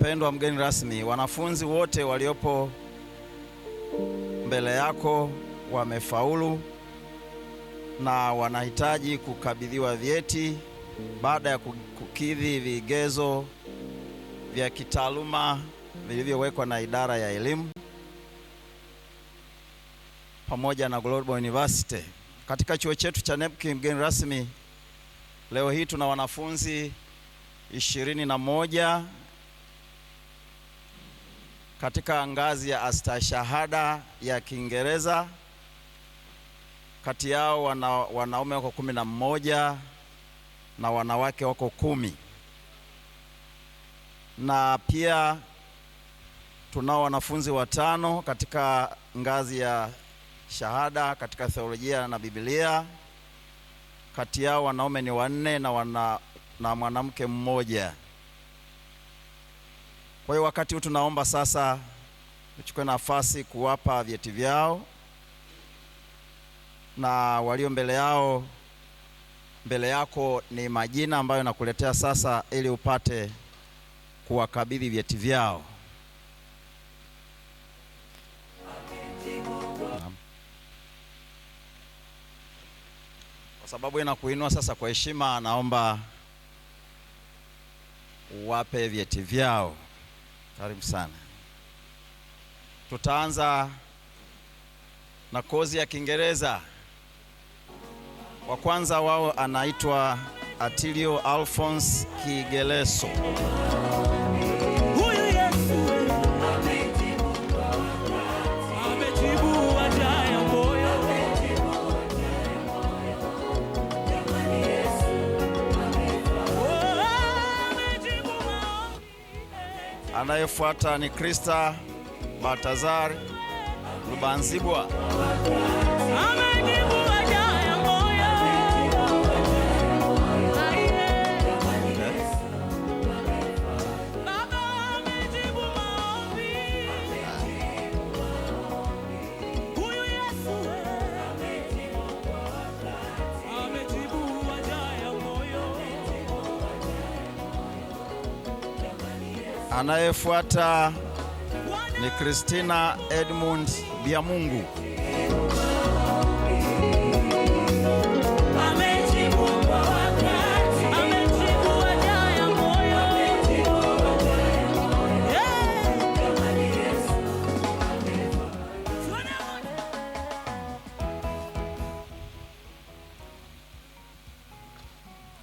Mpendwa mgeni rasmi, wanafunzi wote waliopo mbele yako wamefaulu na wanahitaji kukabidhiwa vyeti baada ya kukidhi vigezo vya kitaaluma vilivyowekwa na idara ya elimu pamoja na Global University. Katika chuo chetu cha NEPC, mgeni rasmi, leo hii tuna wanafunzi ishirini na moja katika ngazi ya astashahada ya Kiingereza. Kati yao wana, wanaume wako kumi na mmoja na wanawake wako kumi na pia tunao wanafunzi watano katika ngazi ya shahada katika theolojia na Biblia. Kati yao wanaume ni wanne na, wana, na mwanamke mmoja. Kwa hiyo wakati huu tunaomba sasa tuchukue nafasi kuwapa vyeti vyao na walio mbele yao, mbele yako ni majina ambayo nakuletea sasa, ili upate kuwakabidhi vyeti vyao. Kwa sababu inakuinua sasa kwa heshima, naomba uwape vyeti vyao. Karibu sana. Tutaanza na kozi ya Kiingereza. Wa kwanza wao anaitwa Atilio Alphonse Kigeleso. Anayefuata ni Krista Baltazar Lubanzibwa. Anayefuata ni Christina Edmund Biamungu.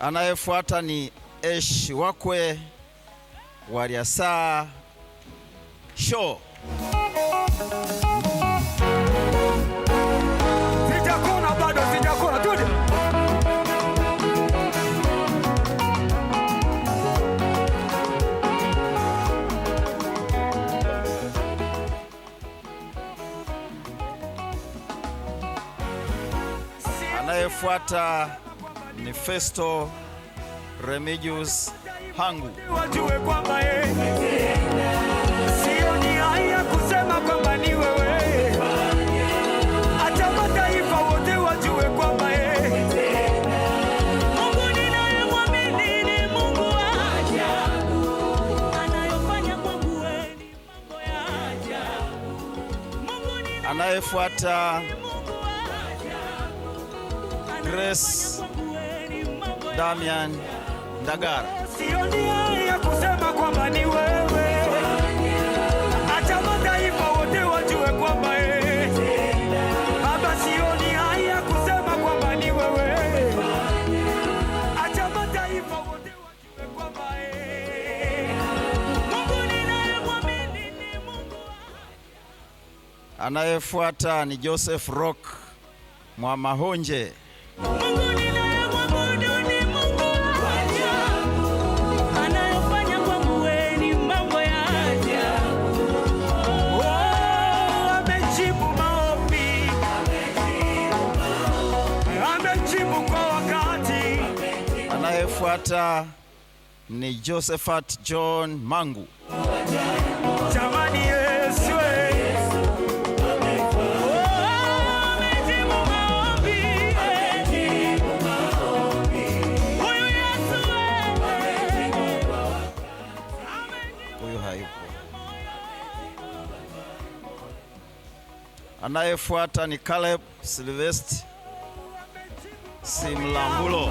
Anayefuata ni Esh Wakwe Waryasaa show sijakona anayefuata ni Festo Remigius hangu. Wajue kwamba yeye sio ni haya kusema kwamba ni wewe, mataifa wote wajue kwamba yeye Mungu ninayemwamini ni Mungu wa ajabu, anayofanya kwangu ni mambo ya ajabu. Anayefuata Grace Damian Ndagara. Sio njia ya kusema kwamba ni wewe, acha mataifa wote wajue kwamba Anayefuata ni Joseph Rock Mwamahonje. anayefuata ni Josephat John Mangu. Anayefuata ni Caleb Silvest Simlambulo.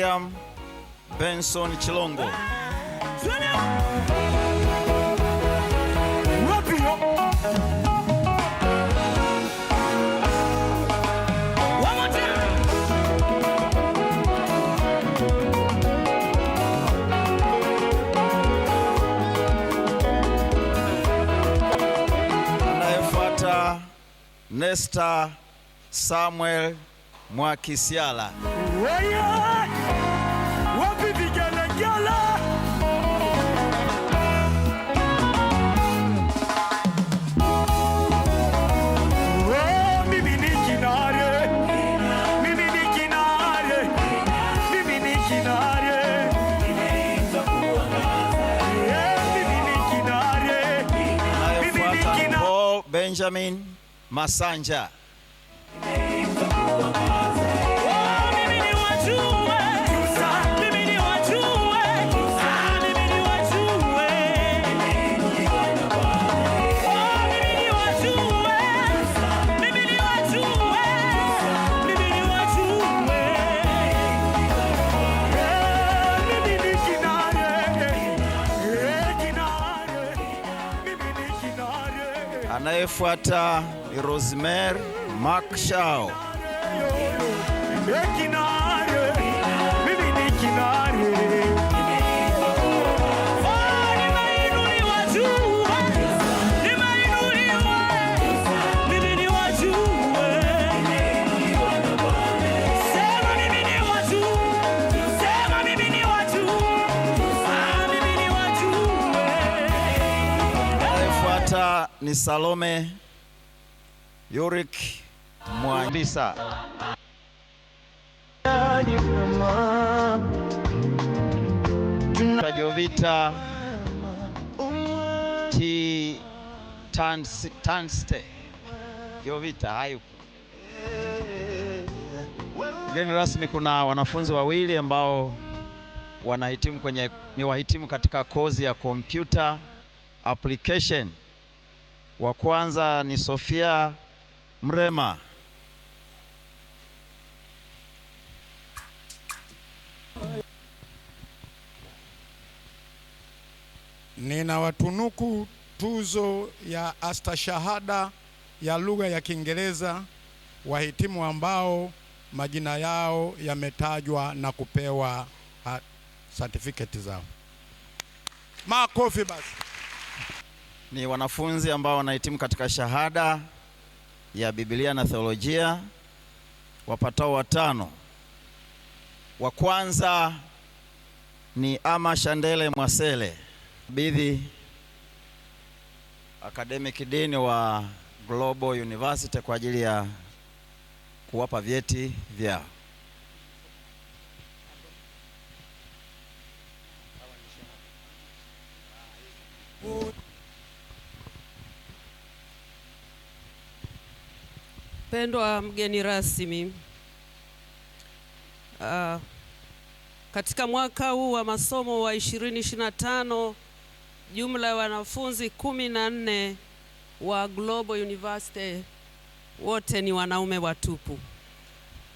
Mariam Benson Chilongo. Nesta Samuel Mwakisyala. Benjamin Masanja. anayefuata ni Rosemary Mark Shao. Salome Yurik Mwalisa. Jovita T Tanste Jovita hayupo. Mgeni rasmi, kuna wanafunzi wawili ambao wanahitimu kwenye ni wahitimu katika kozi ya computer application wa kwanza ni Sofia Mrema. nina watunuku tuzo ya astashahada ya lugha ya Kiingereza wahitimu ambao majina yao yametajwa na kupewa certificate zao. Makofi basi ni wanafunzi ambao wanahitimu katika shahada ya Biblia na Theolojia wapatao watano. Wa kwanza ni Ama Shandele Mwasele bidhi academic dean wa Global University kwa ajili ya kuwapa vyeti vyao. Pendwa mgeni rasmi, uh, katika mwaka huu wa masomo wa 2025 jumla ya wanafunzi 14 wa Global University wote ni wanaume watupu,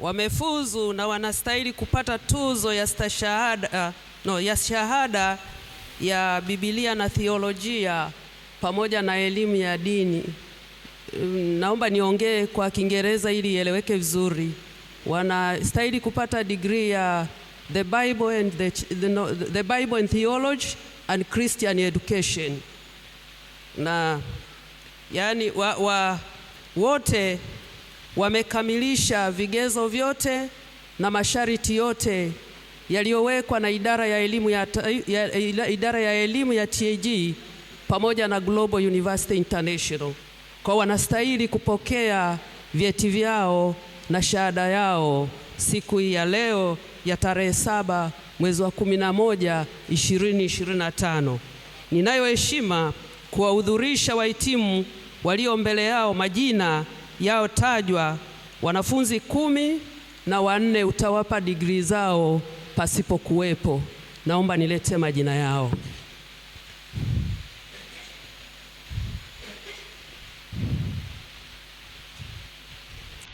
wamefuzu na wanastahili kupata tuzo ya stashahada, no, ya shahada ya Biblia na theolojia pamoja na elimu ya dini. Mm, naomba niongee kwa Kiingereza ili ieleweke vizuri. Wanastahili kupata degree ya the Bible and the, the, the Bible and theology and Christian education na yani wa, wa, wote wamekamilisha vigezo vyote na masharti yote yaliyowekwa na idara ya elimu ya, ya, idara ya elimu ya TAG pamoja na Global University International kwa wanastahili kupokea vyeti vyao na shahada yao siku hii ya leo ya tarehe saba mwezi wa kumi na moja ishirini ishirini na tano. Ninayo heshima kuwahudhurisha wahitimu walio mbele yao majina yao tajwa wanafunzi kumi na wanne utawapa digrii zao pasipo kuwepo. Naomba nilete majina yao.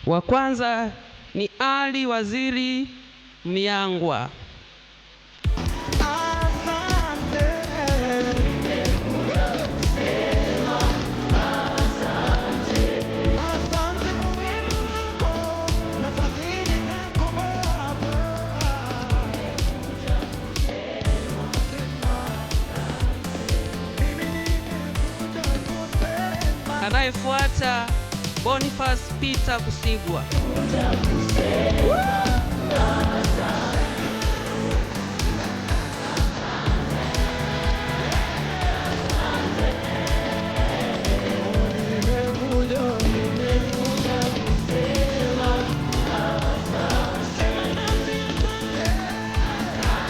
Wa kwanza ni Ali Waziri myangwa Anayefuata Boniface Peter Kusigwa.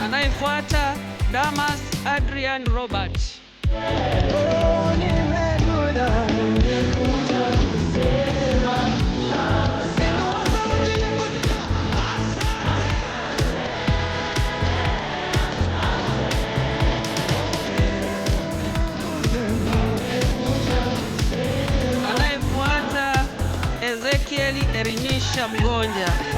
Anayefuata Damas Adrian Robert. Oh, going mgonjwa.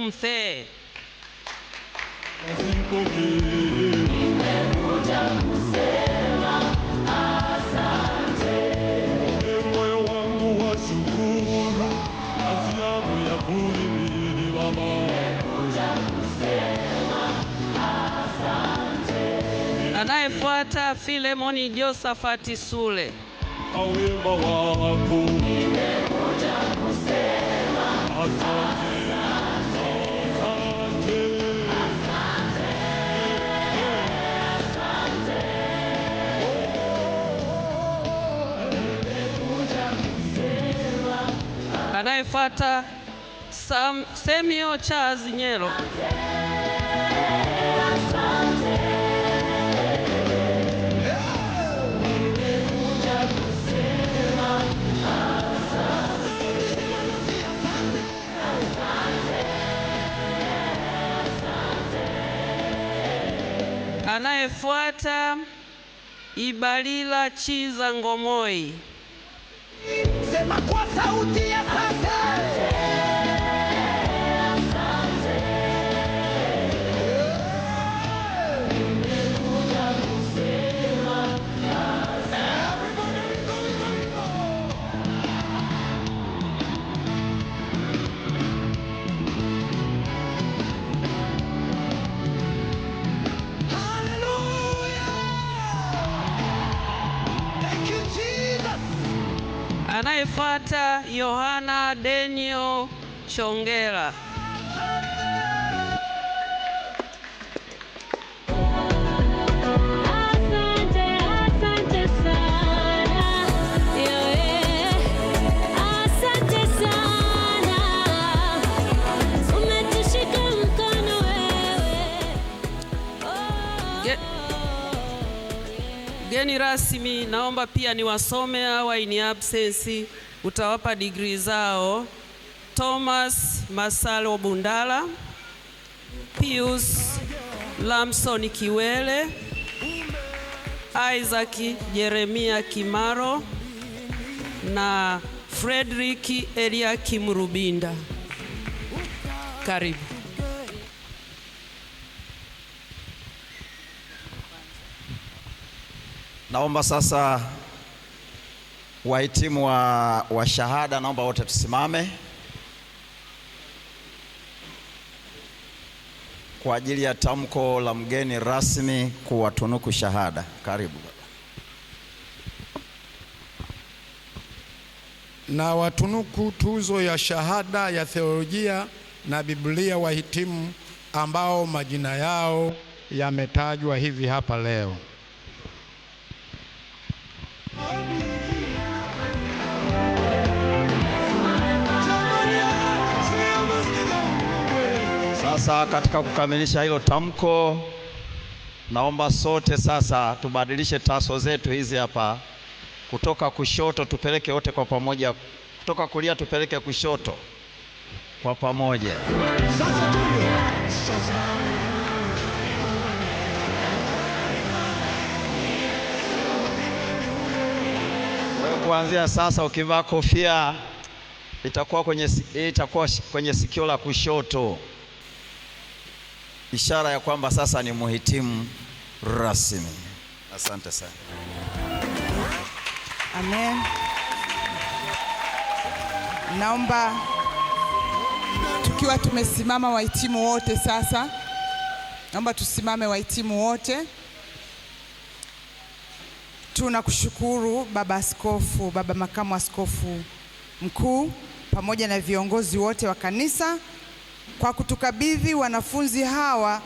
mzee wa anayefuata Filemoni Josafati Sule awimba wako nimekuja kusema asante anayefuata Sam, Semio Charles Nyelo. Anayefuata Ibalila Chiza Ngomoi. Sema kwa sauti ya Anayefuata Yohana Daniel Chongela. Wageni rasmi, naomba pia niwasome hawa in absence, utawapa degree zao: Thomas Masalo Bundala, Pius Lamson Kiwele, Isaac Jeremia Kimaro na Frederick Eliakim Rubinda. Karibu. Naomba sasa wahitimu wa, wa shahada, naomba wote tusimame kwa ajili ya tamko la mgeni rasmi kuwatunuku shahada. Karibu Na watunuku tuzo ya shahada ya theolojia na Biblia wahitimu ambao majina yao yametajwa hivi hapa leo. Sasa katika kukamilisha hilo tamko, naomba sote sasa tubadilishe taso zetu hizi hapa, kutoka kushoto tupeleke wote kwa pamoja, kutoka kulia tupeleke kushoto kwa pamoja. Kuanzia sasa ukivaa kofia itakuwa kwenye, itakuwa kwenye sikio la kushoto ishara ya kwamba sasa ni muhitimu rasmi. Asante sana. Amen. Naomba tukiwa tumesimama wahitimu wote sasa, naomba tusimame wahitimu wote. Tunakushukuru baba askofu, baba makamu askofu mkuu, pamoja na viongozi wote wa kanisa kwa kutukabidhi wanafunzi hawa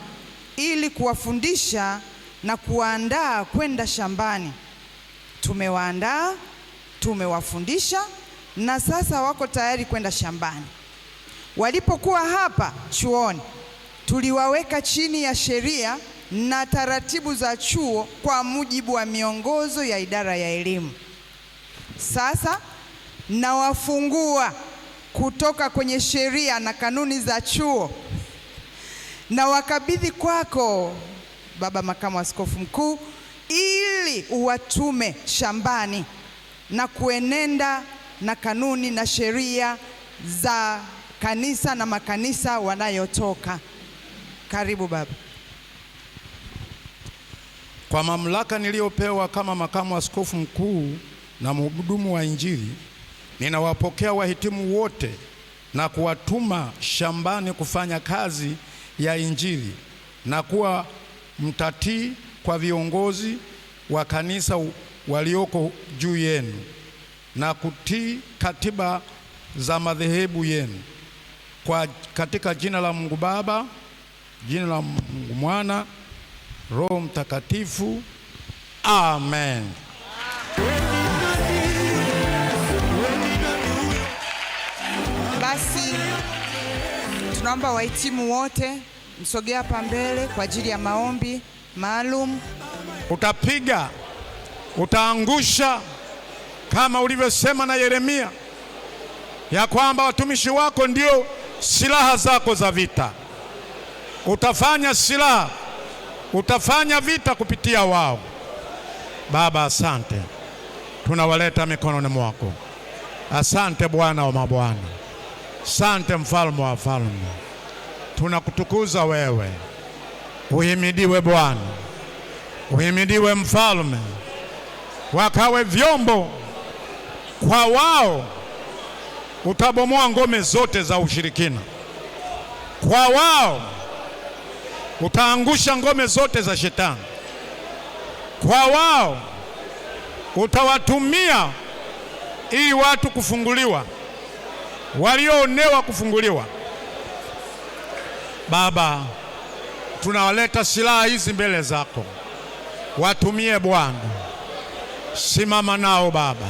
ili kuwafundisha na kuwaandaa kwenda shambani. Tumewaandaa, tumewafundisha na sasa wako tayari kwenda shambani. Walipokuwa hapa chuoni, tuliwaweka chini ya sheria na taratibu za chuo kwa mujibu wa miongozo ya idara ya elimu. Sasa nawafungua kutoka kwenye sheria na kanuni za chuo na wakabidhi kwako Baba Makamu Askofu Mkuu ili uwatume shambani na kuenenda na kanuni na sheria za kanisa na makanisa wanayotoka. Karibu baba. Kwa mamlaka niliyopewa kama makamu askofu mkuu na mhudumu wa Injili Ninawapokea wahitimu wote na kuwatuma shambani kufanya kazi ya Injili na kuwa mtatii kwa viongozi wa kanisa walioko juu yenu na kutii katiba za madhehebu yenu kwa katika jina la Mungu Baba, jina la Mungu Mwana, Roho Mtakatifu. Amen. Tunaomba wahitimu wote msogea hapa mbele kwa ajili ya maombi maalum. Utapiga, utaangusha kama ulivyosema na Yeremia ya kwamba watumishi wako ndio silaha zako za vita. Utafanya silaha, utafanya vita kupitia wao. Baba, asante, tunawaleta mikononi mwako. Asante Bwana wa mabwana. Sante mfalme wa falme, tunakutukuza wewe. Uhimidiwe Bwana, uhimidiwe mfalme. Wakawe vyombo kwa wao, utabomoa ngome zote za ushirikina. Kwa wao utaangusha ngome zote za shetani. Kwa wao utawatumia ili watu kufunguliwa walioonewa kufunguliwa. Baba, tunawaleta silaha hizi mbele zako, watumie Bwana. Simama nao Baba,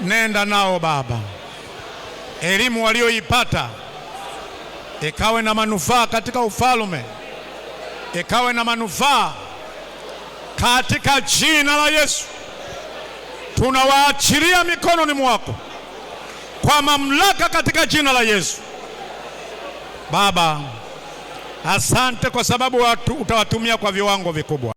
nenda nao Baba, elimu walioipata ikawe na manufaa katika ufalume, ikawe na manufaa katika jina la Yesu tunawaachilia mikononi mwako kwa mamlaka katika jina la Yesu. Baba, asante kwa sababu watu, utawatumia kwa viwango vikubwa.